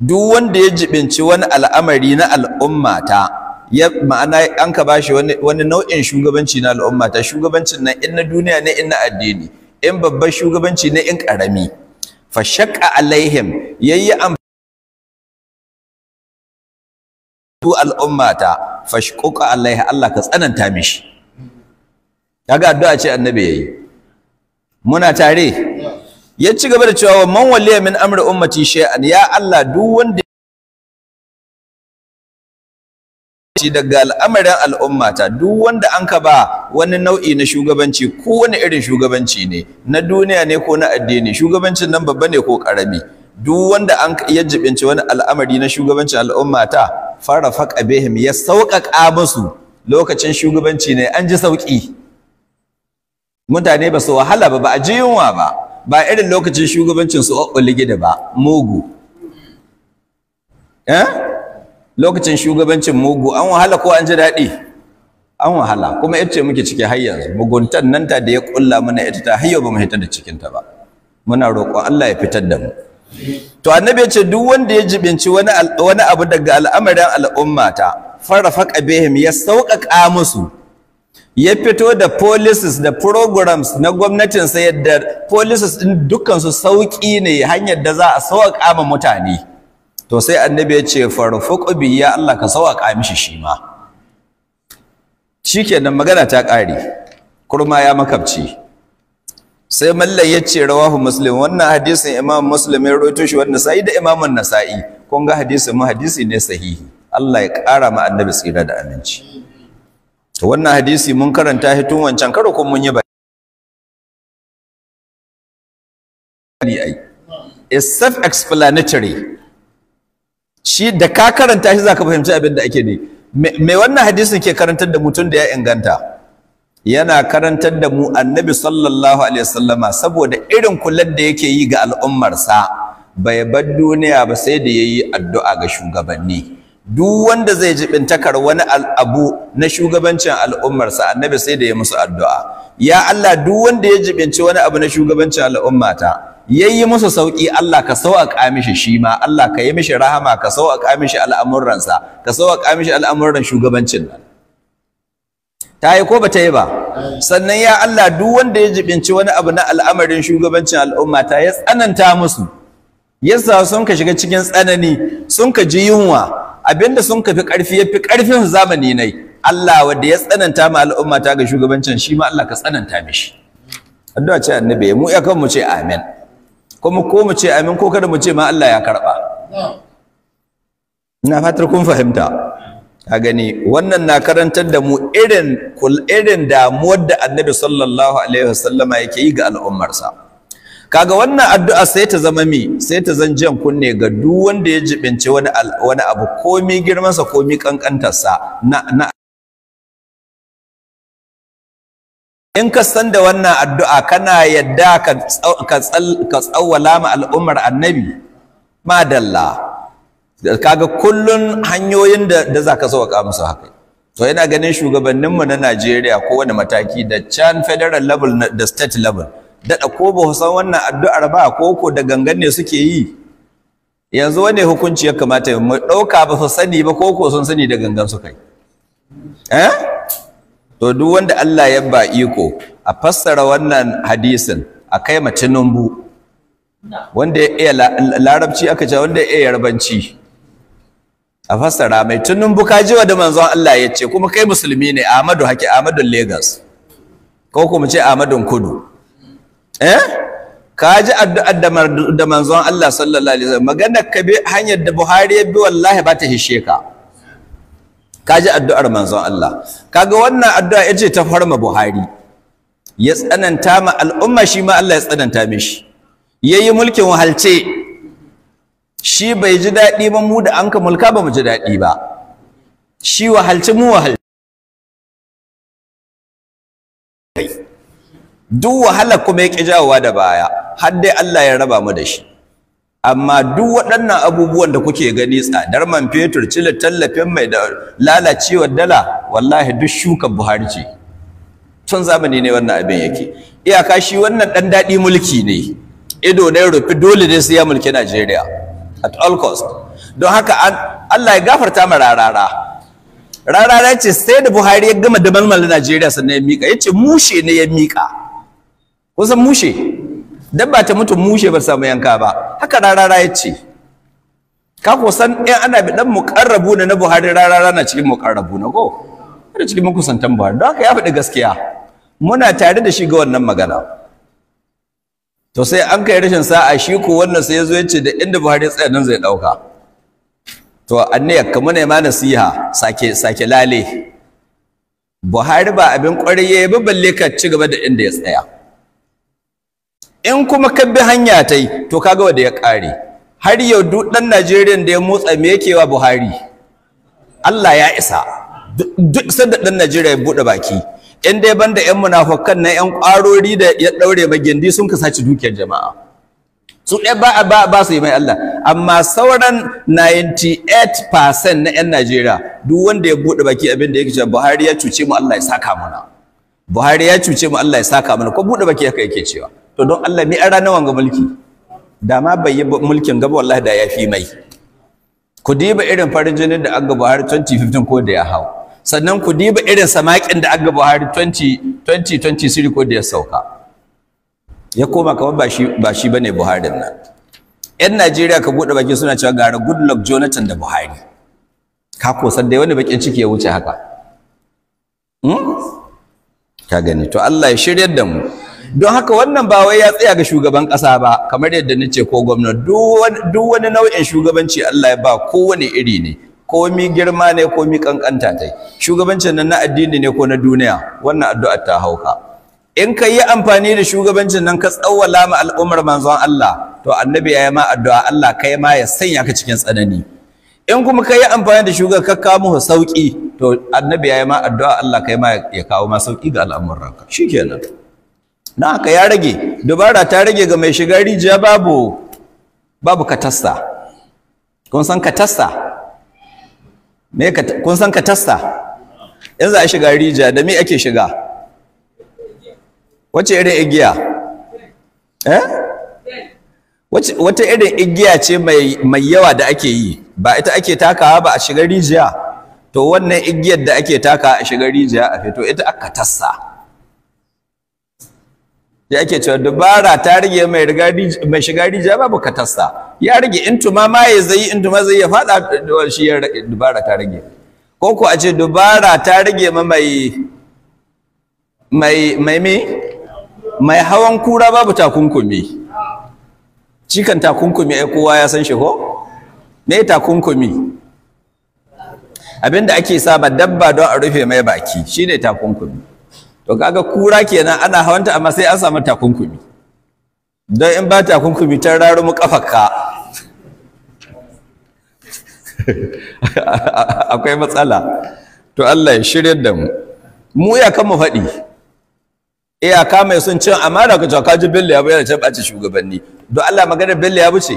duk wanda ya jibinci wani al'amari na al'ummata ya ma'ana an ka bashi wani nau'in shugabanci na al'ummata shugabancin nan in na duniya ne in na addini in babban shugabanci ne in karami fa shaqqa alaihim yayi tu al'ummata fashquqa alaihi Allah ka tsananta mishi kaga addu'a ce annabi yayi muna tare ya ci gaba da cewa man walliya min amri ummati shay'an ya Allah duk wanda shi daga al'amarin al'ummata duk wanda an ka ba wani nau'i na shugabanci ko wani irin shugabanci ne na duniya ne ko na addini shugabancin nan babba ne ko karami duk wanda an ya jibinci wani al'amari na shugabancin al'ummata fara faqa bihim ya sauƙaƙa musu lokacin shugabanci ne an ji sauƙi mutane ba su wahala ba ba a ji yunwa ba ba irin lokacin shugabancin su Oligida ba mugu eh lokacin shugabancin mugu an wahala ko an ji daɗi an wahala kuma ita ce muke ciki har yanzu muguntan nan ta da ya kulla mana ita ta hayyo ba mu hita da cikin ta ba muna roƙon Allah ya fitar da mu to annabi ya ce duk wanda ya jibinci wani wani abu daga al'amarin al'ummata farrafaqa bihim ya sauƙaƙa musu ya fito da policies da programs na gwamnatin gwamnatinsa yadda policies ɗin su sauƙi ne hanyar da za a sauƙa ma mutane to sai annabi ya ce farfuq bi ya Allah ka sauƙa mishi shi ma shikenan magana ta ƙare kurma ya makabci sai mallan ya ce rawahu muslim wannan hadisin imam muslim ya rawaito shi wannan sai da an nasa'i kun ga hadisin mu hadisi ne sahihi Allah ya ƙara ma annabi tsira da aminci wannan hadisi mun karanta hitun wancan karo ko mun yi ba ai is self explanatory shi da ka karanta shi zaka fahimci abin da ake ne me wannan hadisin ke karantar da mutum da ya inganta yana karantar da mu annabi sallallahu alaihi wasallama saboda irin kullar da yake yi ga al'ummarsa bai bar duniya ba sai da yayi addu'a ga shugabanni duk wanda zai jibintakar wani abu na shugabancin al'ummarsa annabi sai da ya musu addu'a ya Allah duk wanda ya jibinci wani abu na shugabancin al'ummata yayi musu sauki Allah ka sauƙa mishi shi ma Allah ka yi mishi rahama ka sauƙa mishi al'amuransa ka sauƙa mishi al'amuran shugabancin nan ta yi ko bata yi ba sannan ya Allah duk wanda ya jibinci wani abu na al'amarin shugabancin al'ummata ya tsananta musu yasa sun ka shiga cikin tsanani sun ka ji yunwa abinda sun ka fi ƙarfi ya fi ƙarfin zamani ne Allah wanda ya tsananta ma al'umma ta ga shugabancin shi ma Allah ka tsananta mishi addu'a ce annabi mu ya kan mu ce amin kuma ko mu ce amin ko kada mu ce ma Allah ya karba ina fatar kun fahimta ka gani wannan na karantar da mu irin kul irin damuwar da annabi sallallahu alaihi wasallama yake yi ga al'ummarsa kaga wannan addu'a sai ta zama mi sai ta zan jan kunne ga duk wanda ya jibince wani wani abu komi girmansa komi kankantarsa na na in ka san da wannan addu'a kana yadda ka tsawwala ma al'ummar annabi madalla kaga kullun hanyoyin da da zaka ka musu haka to yana ganin shugabanninmu na Najeriya kowane mataki da can federal level da state level daɗa ko ba san wannan addu'ar ba ko ko da gangan ne suke yi yanzu wane hukunci ya kamata mu ɗauka ba su sani ba ko ko sun sani da gangan su kai eh to duk wanda Allah ya ba iko a fassara wannan hadisin a kai ma Tinubu wanda ya iya larabci aka ce wanda ya iya yarbanci a fassara mai tunnun bukajiwa da manzon Allah ya ce kuma kai musulmi ne Ahmadu Haki Ahmadu Lagos ko kuma ce Ahmadu Kudu eh ka ji addu'ar da manzon Allah sallallahu alaihi wasallam magana ka bi hanyar da Buhari ya bi wallahi ba ta hishe ka ka ji addu'ar manzon Allah kaga wannan addu'a yace ta farma Buhari ya tsananta ma al'umma shi ma Allah ya tsananta mishi yayi mulkin wahalce shi bai ji daɗi ba mu da an ka mulka ba mu ji daɗi ba shi wahalce mu wahalce duk wahala kuma ya ƙi jawowa da baya har dai Allah ya raba mu da shi amma duk waɗannan abubuwan da kuke gani tsadar man fetur cile tallafin mai da lalacewar dala wallahi duk shuka Buhari ce tun zamani ne wannan abin yake iyaka shi wannan ɗan daɗi mulki ne ido dai rufi dole ne sai ya mulki Najeriya at all cost don haka Allah ya gafarta ma rarara rarara ce sai da Buhari ya gama da malmalin Najeriya sannan ya mika yace mushe ne ya mika kusan mushe dabba ta mutum mushe ba samu yanka ba haka rarara ya ce ka ko san in ana bi ɗan muƙarrabu na na Buhari rarara na cikin muƙarrabu, na ko da cikin makusantan Buhari don haka ya faɗi gaskiya muna tare da shi ga wannan magana to sai an kai rashin sa'a shi ko wannan sai ya yace da inda Buhari tsaya nan zai ɗauka. to anniya kamar ne ma nasiha sake sake lale Buhari ba abin kwarai ba balle ka ci gaba da inda ya tsaya in kuma ka bi hanya ta yi to kaga wanda ya ƙare har yau duk ɗan najeriya da ya motsa me yake wa buhari allah ya isa duk sanda ɗan najeriya ya buɗe baki in dai banda yan munafukan na yan ƙwarori da ya ɗaure magindi sun ka saci dukiyar jama'a su ɗaya ba ba ba su yi mai Allah amma sauran 98% na yan Najeriya duk wanda ya buɗe baki abin da yake cewa Buhari ya cuce mu Allah ya saka mana Buhari ya cuce mu Allah ya saka mana ko buɗe baki haka yake cewa to don Allah ni an ranar ga mulki da ma bai yi mulkin gaba wallahi da ya fi mai ku diba irin farin jinin da aga Buhari 2015 ko da ya hau sannan ku diba irin samakin da aga Buhari 2023 ko da ya sauka ya koma kamar ba shi ba shi bane Buharin nan yan Najeriya ka bude baki suna cewa gara good luck Jonathan da Buhari ka kosan dai wani bakin ciki ya wuce haka hmm? ka gani to Allah ya shiryar da mu don haka wannan ba wai ya tsaya ga shugaban ƙasa ba kamar yadda nace ko gwamnati duk wani nau'in shugabanci Allah ya ba kowane iri ne komi girma ne komi kankanta tai shugabancin nan na addini ne ko na duniya wannan addu'ar ta hauka in ka yi amfani da shugabancin nan ka tsawwala ma al'ummar manzon Allah to annabi ya yi ma addu'a Allah kai ma ya sanya ka cikin tsanani in kuma ka yi amfani da shugaban ka kawo mu sauki to annabi ya yi ma addu'a Allah kai ma ya kawo ma sauki ga ranka shikenan na haka ya rage dubara ta rage ga mai shiga rijiya babu babu katasta kun san katasta me kun san katasta in za a shiga rijiya da me ake shiga wace irin igiya eh wata irin igiya ce mai yawa da ake yi ba ita ake takawa ba a shiga rijiya to wannan igiyar da ake takawa a shiga rijiya a fito ita aka tassa da ake cewa dubara ta rage mai mai shiga rijiya babu katasta ya rage in tuma ma ya zai in tuma zai ya fada shi ya dubara ta rage ko ko a ce dubara ta rage ma mai mai mai me mai hawan kura babu takunkumi cikan takunkumi ai kowa ya san shi ko me takunkumi abinda ake saba dabba don a rufe mai baki shine takunkumi to kaga kura kenan ana hawanta amma sai an samu takunkumi don in ba takunkumi ta raro mu kafarka akwai matsala to Allah ya shirya da mu mu ya kan mu faɗi iyaka mai sun cin amma da ka ka ji bello ya yana da ɓaci shugabanni don Allah maganar bello ya buce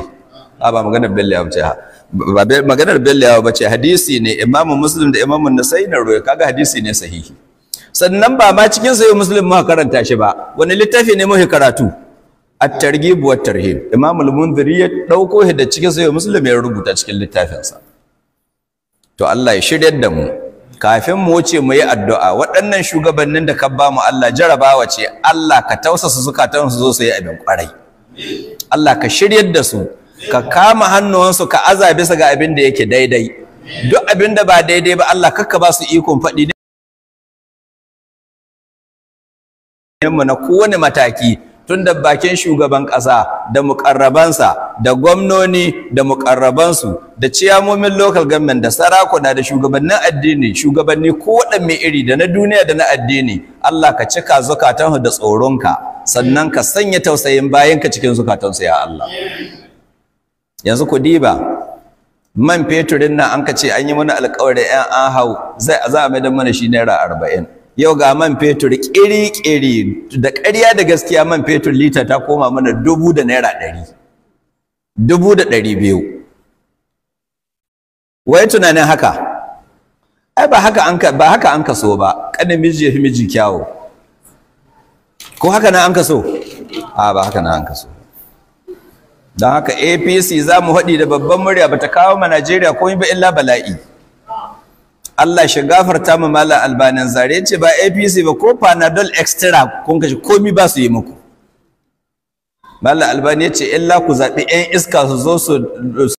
a ba maganar bello ya buce ba maganar bello ya buce hadisi ne imamu muslim da imamu nasai na roya kaga hadisi ne sahihi sannan ba ma cikin sayo musulun muka karanta shi ba wani littafi ne muka karatu at-targhib buwar tarhe imam al-munziri ya dauko da cikin sayo musulun ya rubuta cikin littafinsa to Allah ya shirya da mu kafin mu wuce mu yi addu'a waɗannan shugabannin da ka ba mu Allah jarabawa ce Allah ka tausasa zukatan su zo su yi abin kwarai Allah ka shiryar da su ka kama hannuwansu ka aza bisa ga abin da yake daidai duk abin da ba daidai ba Allah kakka ba su ikon faɗi mu na kowane mataki tun da bakin shugaban ƙasa da muƙarrabansa da gwamnoni da muƙarrabansu da ciyamomin local government da sarakuna da shugabannin addini shugabanni ko waɗanne iri da na duniya da na addini Allah ka cika zukatansu da tsoronka sannan ka sanya tausayin bayanka cikin zukatansu ya Allah yanzu ku diba man feturin nan an ka ce an yi mana alƙawarin 'yan an hau za a mai da mana shi naira arba'in yau ga man fetur ƙiri-ƙiri da ƙarya da gaskiya man fetur lita ta koma mana dubu da naira ɗari dubu da ɗari biyu wai tunanin haka ai ba haka an ka ba haka an ka so ba kada miji ya fi miji kyawo ko haka na an ka so a ba haka na an ka so don haka apc za mu haɗi da babban murya ba ta kawo ma najeriya komai ba illa bala'i Allah shi gafarta mu mala albanin zare ce ba APC ba ko panadol extra kun kashi komi ba su yi muku mala albani ce illa ku zaɓi 'yan iska su zo su